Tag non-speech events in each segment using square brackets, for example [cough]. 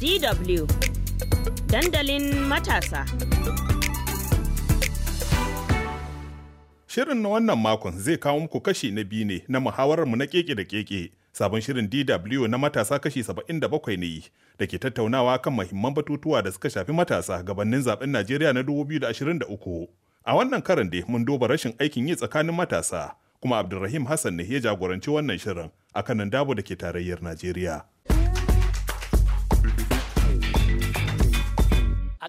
DW dandalin matasa. Shirin na wannan makon zai kawo muku kashi na biyu ne na mu na keke da keke. Sabon shirin DW na matasa kashi 77 ne da ke tattaunawa kan mahimman batutuwa da suka shafi matasa gabanin zaben Najeriya na 2023. A wannan karan dai mun duba rashin aikin yi tsakanin matasa kuma Abdulrahim Hassan ne ya jagoranci wannan shirin a kanan dabo da ke tarayyar Najeriya.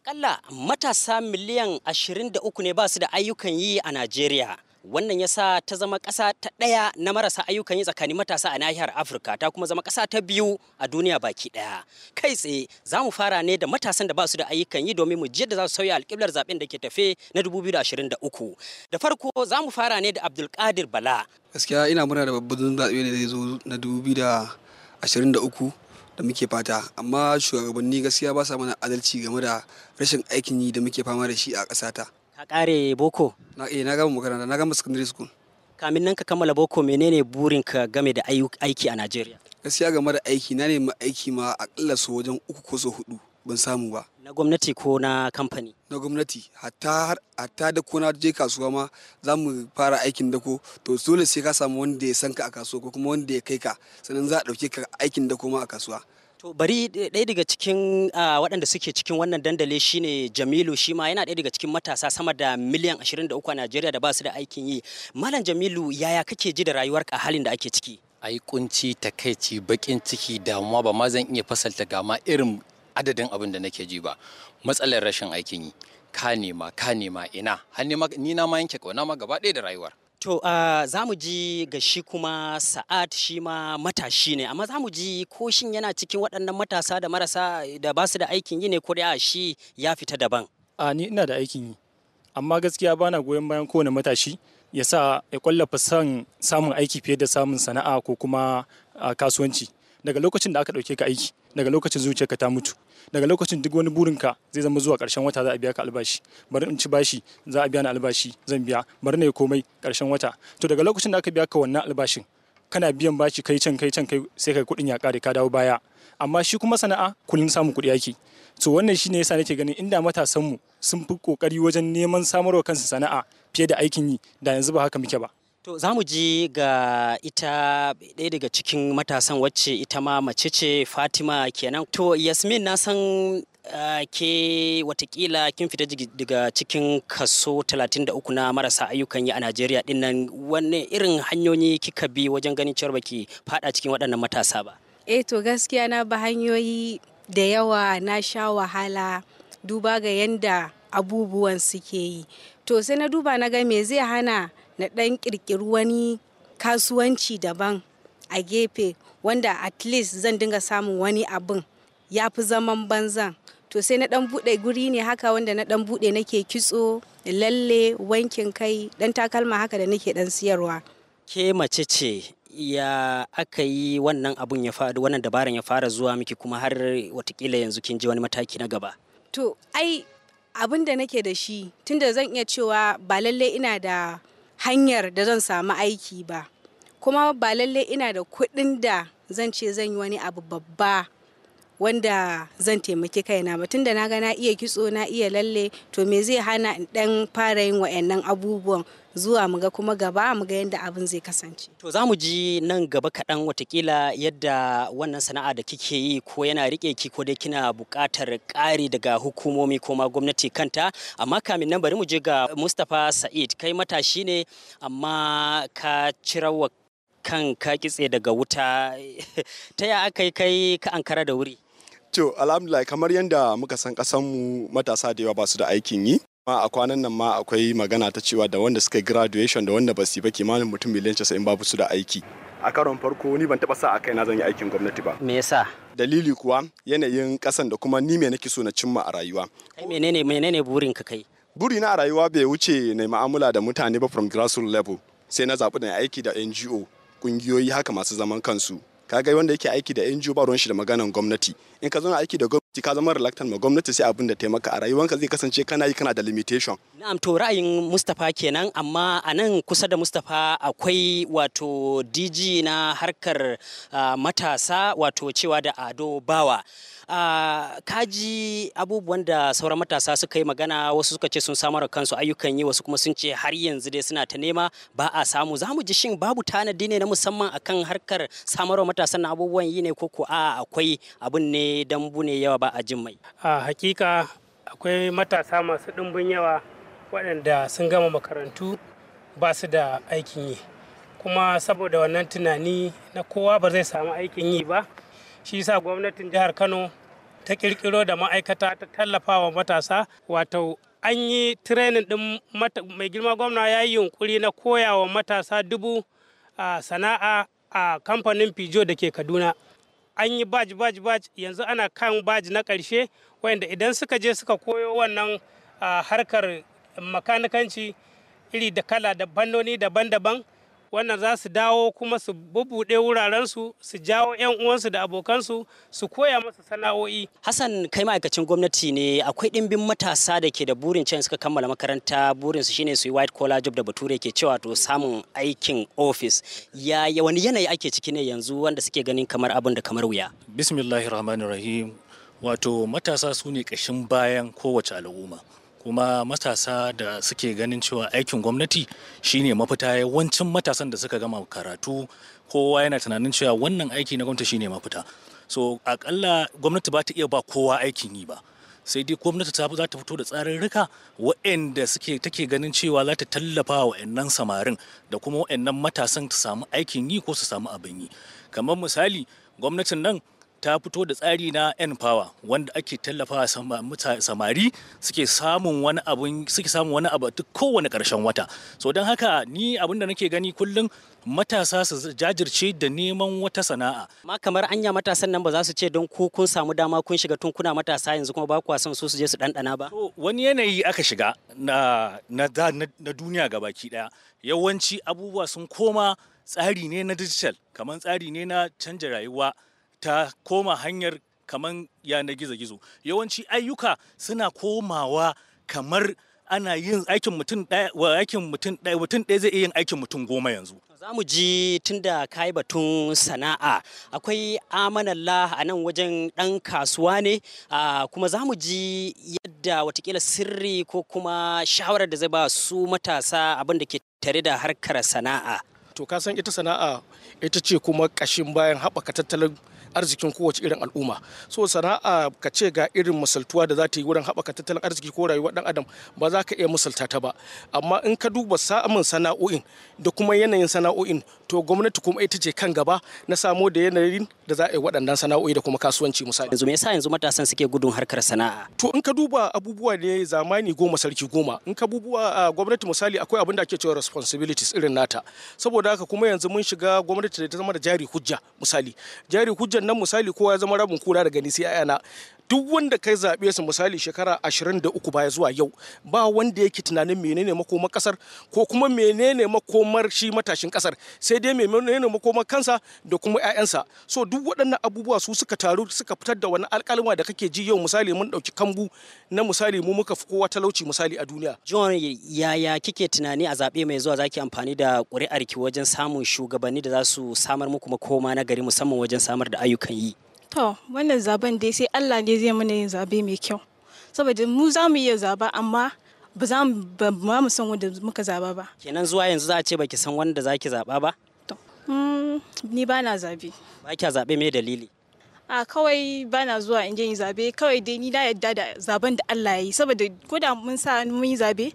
Akalla matasa miliyan 23 ne ba su da ayyukan yi a Najeriya. Wannan ya sa ta zama ƙasa ta ɗaya na marasa ayyukan yi tsakanin matasa a nahiyar Afirka ta kuma zama ƙasa ta biyu a duniya baki ɗaya. Kai tsaye za mu fara ne da matasan da ba su da ayyukan yi domin mu ji yadda za su sauya alƙiblar zaɓen da ke tafe na 2023. Da farko za mu fara ne da Abdulkadir Bala. Gaskiya ina murna da babban zaɓe da zai zo na 2023. da muke fata amma shugabanni gaskiya ba sa mana adalci game da rashin aikin yi da muke fama da shi a ƙasata. ka kare boko na eh na gama makaranta na gama secondary school kamin nan ka kammala boko menene burin ka game da aiki a Najeriya gaskiya game da aiki na nemi aiki ma akalla so wajen uku ko so hudu ban samu ba na gwamnati ko na kamfani na gwamnati hatta da kona je kasuwa ma za mu fara aikin dako to dole sai ka samu wanda ya san ka a kasuwa ko kuma wanda ya kai ka sannan za a ɗauke ka aikin dako ma a kasuwa To bari ɗaya daga cikin waɗanda suke cikin wannan dandali shine Jamilu shi ma yana ɗaya daga cikin matasa sama da miliyan 23 a Najeriya da ba su da aikin yi. Malam Jamilu yaya kake ji da rayuwar a halin da ake ciki? Ai kunci takaici bakin ciki damuwa ba ma zan iya fasalta ga ma irin adadin abin da nake ji ba matsalar rashin aikin yi ka nema ka nema ina har ni na ma yanke kauna ma gaba ɗaya da rayuwar To uh, za mu ji ga shi kuma Sa'ad shi ma matashi ne, amma za mu ji ko shin yana cikin waɗannan matasa da marasa da ba su da aikin yi ne ko da shi ya fita daban. A ni ina da aikin yi, amma gaskiya bana goyon bayan kowane matashi ya sa ya kwallafa son samun aiki fiye da samun sana'a ko kuma kasuwanci. Daga lokacin da aka ɗauke ka aiki, daga lokacin zuciyarka ta mutu daga lokacin duk wani burinka zai zama zuwa karshen wata za a biya ka albashi bari in ci bashi za a biya ni albashi zan biya bari na komai karshen wata to daga lokacin da aka biya ka wannan albashin kana biyan bashi kai can kai can kai sai kai kuɗin ya kare ka dawo baya amma shi kuma sana'a kullum samun kuɗi yake to wannan shine yasa nake ganin inda matasanmu sun fi kokari wajen neman samarwa kansu sana'a fiye da aikin yi da yanzu ba haka muke ba To za mu ji ga ita ɗaya daga cikin matasan wacce ita ma mace ce Fatima kenan. To Yasmin na san ah, ke watakila kin fita daga cikin kaso 33 na marasa ayyukan yi a Najeriya dinnan wanne irin hanyoyi kika bi wajen ganin cewar baki fada cikin waɗannan matasa ba? Eh to gaskiya na ba hanyoyi da yawa na sha wahala duba ga yanda abubuwan suke yi. To sai na duba na ga me zai hana na ɗan ƙirƙiri wani kasuwanci daban a gefe wanda at least zan dinga samun wani abin ya fi zaman banza to sai na ɗan buɗe guri ne haka wanda na ɗan buɗe nake kitso lalle wankin kai ɗan takalma haka da nake ɗan siyarwa ke mace ce ya aka yi wannan abun ya faru wannan dabaran ya fara zuwa miki kuma har watakila yanzu kin ji wani mataki na gaba to ai abin da nake da shi tunda zan iya cewa ba lalle ina da hanyar da zan samu aiki ba kuma ba lallai ina da kuɗin da zan ce zan yi wani abu babba wanda zan taimaki kaina ba tunda na ga na iya kitso na iya lalle to me zai hana in dan fara yin wayannan abubuwan zuwa mu ga kuma gaba mu ga yadda abin zai kasance. To za mu ji nan gaba kaɗan watakila yadda wannan sana'a da kike yi ko yana rike ki ko dai kina buƙatar ƙari daga hukumomi ko ma gwamnati kanta amma kamin nan bari mu je ga Mustapha Sa'id kai matashi ne amma ka cirawa kan ka kitse daga wuta [laughs] ta ya aka yi kai ka ankara da wuri. To alhamdulillah kamar yadda muka san mu matasa da yawa ba su da aikin yi. Ma a kwanan nan ma akwai magana ta cewa da wanda suka graduation da wanda ba yi ba kimanin mutum miliyan 90 babu su da aiki. A karon farko ni ban taɓa sa a kai na zan yi aikin gwamnati ba. Me yasa? Dalili kuwa yanayin kasan da kuma ni me nake so na cimma a rayuwa. Kai menene menene burin ka kai? Buri na a rayuwa bai wuce na ma'amula da mutane ba from grassroots level. Sai na zaɓi na aiki da NGO, ƙungiyoyi haka masu zaman kansu. kaga wanda yake aiki da NGO ba ruwan shi da maganan gwamnati in ka zauna aiki da ka zama reluctant ma gwamnati sai abin da taimaka maka a rayuwanka zai kasance kana yi kana da limitation. Na'am to ra'ayin Mustapha kenan amma a nan kusa da Mustapha akwai wato DG na harkar ah, matasa wato cewa da Ado Bawa. Ah, kaji abubuwan da sauran matasa suka yi magana wasu suka ce sun samar kansu ayyukan yi wasu kuma sun ce har yanzu dai suna ta nema ba a samu za mu ji shin babu tanadi ne na musamman akan harkar samarwa matasan na abubuwan yi ne ko ko a akwai abun ne dambu ne yawa ba a jin mai a hakika akwai matasa masu ɗumbin yawa waɗanda sun gama makarantu ba su da aikin yi kuma saboda wannan tunani na kowa ba zai samu aikin yi ba shi sa gwamnatin jihar kano ta ƙirƙiro da ma'aikata ta tallafa wa matasa wato an yi tirenin ɗin mai girma gwamna ya yi yunkuri na koya wa matasa dubu a sana'a a kamfanin fijo da ke kaduna an yi baji baji baji yanzu ana kan baji na ƙarshe wanda idan suka je suka koyo wannan ah, harkar makanikanci iri da kala da bandoni daban-daban wannan za su dawo kuma su bubuɗe wurarensu su jawo 'yan uwansu da abokansu su koya masu sana'o'i hassan kai ma'aikacin gwamnati ne akwai ɗimbin matasa da ke da burin can suka kammala makaranta burin su shine su yi white collar job da bature ke cewa to samun aikin ofis ya wani yanayi ake ciki ne yanzu wanda suke ganin kamar abin da kamar wuya Bismillahirrahmanirrahim. rahim wato matasa su ne ƙashin bayan kowace al'umma kuma matasa da suke ganin cewa aikin gwamnati shine mafita yawancin matasan da suka gama karatu kowa yana tunanin cewa wannan aiki na gwamnati shine mafita so akalla gwamnati ba ta iya ba kowa aikin yi ba sai dai gwamnati ta za ta fito da tsarin rika, waɗanda suke take ganin cewa za ta tallafa wa samarin da kuma waɗannan matasan ta samu aikin yi ko su samu abin yi kamar misali gwamnatin nan ta fito da tsari na n power wanda ake tallafa samari suke samun wani abu suke samun wani abu duk kowane karshen wata so don haka ni abin da nake gani kullum matasa su jajirce da neman wata sana'a ma kamar anya matasan nan ba za su ce don ku kun samu dama kun shiga tun kuna matasa yanzu kuma ba ku son su su je su dandana ba wani yanayi aka shiga na na, na duniya gabaki daya yawanci abubuwa sun koma tsari ne na digital kamar tsari ne na canja rayuwa ta koma hanyar kamar yanar gizo-gizo yawanci ayyuka suna komawa kamar ana yin aikin mutum ɗaya aikin mutum ɗaya mutum ɗaya zai iya yin aikin mutum goma yanzu za mu ji tunda ka kayi batun sana'a akwai amanallah a nan wajen ɗan kasuwa ne kuma za mu ji yadda watakila sirri ko kuma shawarar da zai ba su matasa abin da ke tare da harkar sana'a to ka san ita sana'a ita ce kuma ƙashin bayan haɓaka tattalin arzikin kowace irin al'umma so sana'a ka ce ga irin masaltuwa da za ta yi wurin haɓaka tattalin arziki ko rayuwar dan adam ba za ka iya misalta ta ba amma in ka duba samun sana'o'in da kuma yanayin sana'o'in to gwamnati kuma ita ce kan gaba na samo da yanayin da za a yi waɗannan sana'o'i da kuma kasuwanci misali yanzu me yasa yanzu matasan suke gudun harkar sana'a to in ka duba abubuwa ne zamani goma sarki goma in ka bubuwa gwamnati misali akwai abin da ake cewa responsibilities irin nata saboda haka kuma yanzu mun shiga gwamnati da ta zama da jari hujja misali jari hujja nan misali kowa ya zama rabin kura daga ni sai ayana duk wanda kai zaɓe su misali shekara da uku baya zuwa yau ba wanda yake tunanin menene makomar kasar ko kuma menene makomar shi matashin kasar sai dai menene makomar kansa da kuma 'ya'yansa so duk waɗannan abubuwa su suka taru suka fitar da wani alƙalma da kake ji yau misali mun ɗauki kambu na misali mu muka fi kowa talauci misali a duniya. John yaya kike tunani a zaɓe mai zuwa zaki amfani da ƙuri'arki wajen samun shugabanni da za su samar muku makoma na gari musamman wajen samar da ayyukan yi. To, wannan zaben dai sai Allah ne zai mana yin zabe mai kyau. Saboda mu za mu iya zaba amma ba za mu san wanda muka zaba ba. Kenan zuwa yanzu za a ce baki san wanda za ki zaba ba? To, mm, ni ba na zabe. Ba kya zabe me dalili? A kawai ba na zuwa in je yin zabe, kawai dai ni na yadda da zaben da Allah ya yi. Saboda ko da mun sa mun yi zabe,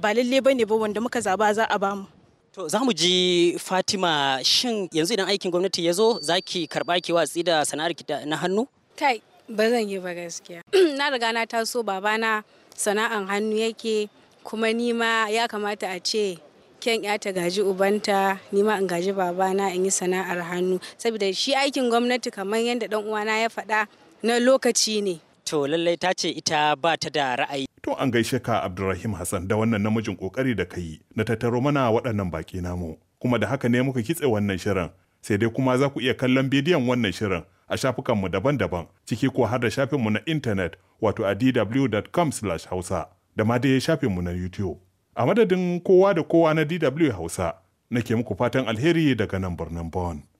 ba lalle bane ba wanda muka zaba za a bamu. To za mu ji Fatima shin yanzu idan aikin gwamnati ya zo za ki karɓa ki watsi da sana'ar na hannu? Kai ba zan yi ba gaskiya. [clears throat] na riga na taso babana sana'an hannu yake kuma nima ya kamata a ce ken ya ta gaji ubanta nima in gaji babana in yi sana'ar hannu saboda shi aikin gwamnati kamar yadda dan uwana ya faɗa na lokaci ne. to lallai ta ce ita ba ta da ra'ayi. To an gaishe ka Abdulrahim Hassan da wannan namijin kokari da ka yi na tattaro mana waɗannan baki namu kuma da haka ne muka kitse wannan shirin sai dai kuma za ku iya kallon bidiyon wannan shirin a shafukanmu daban-daban ciki ko har da shafinmu na intanet wato a dw.com/hausa da ma dai shafinmu na YouTube. A madadin kowa da kowa na DW Hausa nake muku fatan alheri daga nan birnin Bon.